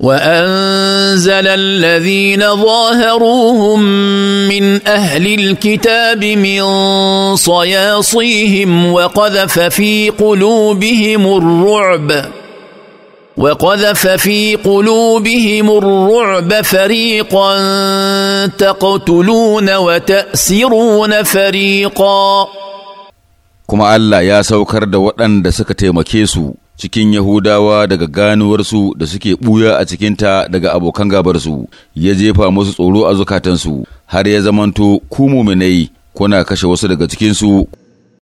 وانزل الذين ظاهروهم من اهل الكتاب من صياصيهم وقذف في قلوبهم الرعب وقذف في قلوبهم الرعب فريقا تقتلون وتاسرون فريقا كما الله يا سوكر da دسكتي مكيسو cikin Yahudawa daga ganuwarsu da suke ɓuya a cikinta daga abokan gabarsu, ya jefa musu tsoro a zukatansu, har ya zamanto ku muminai kuna kashe wasu daga cikinsu.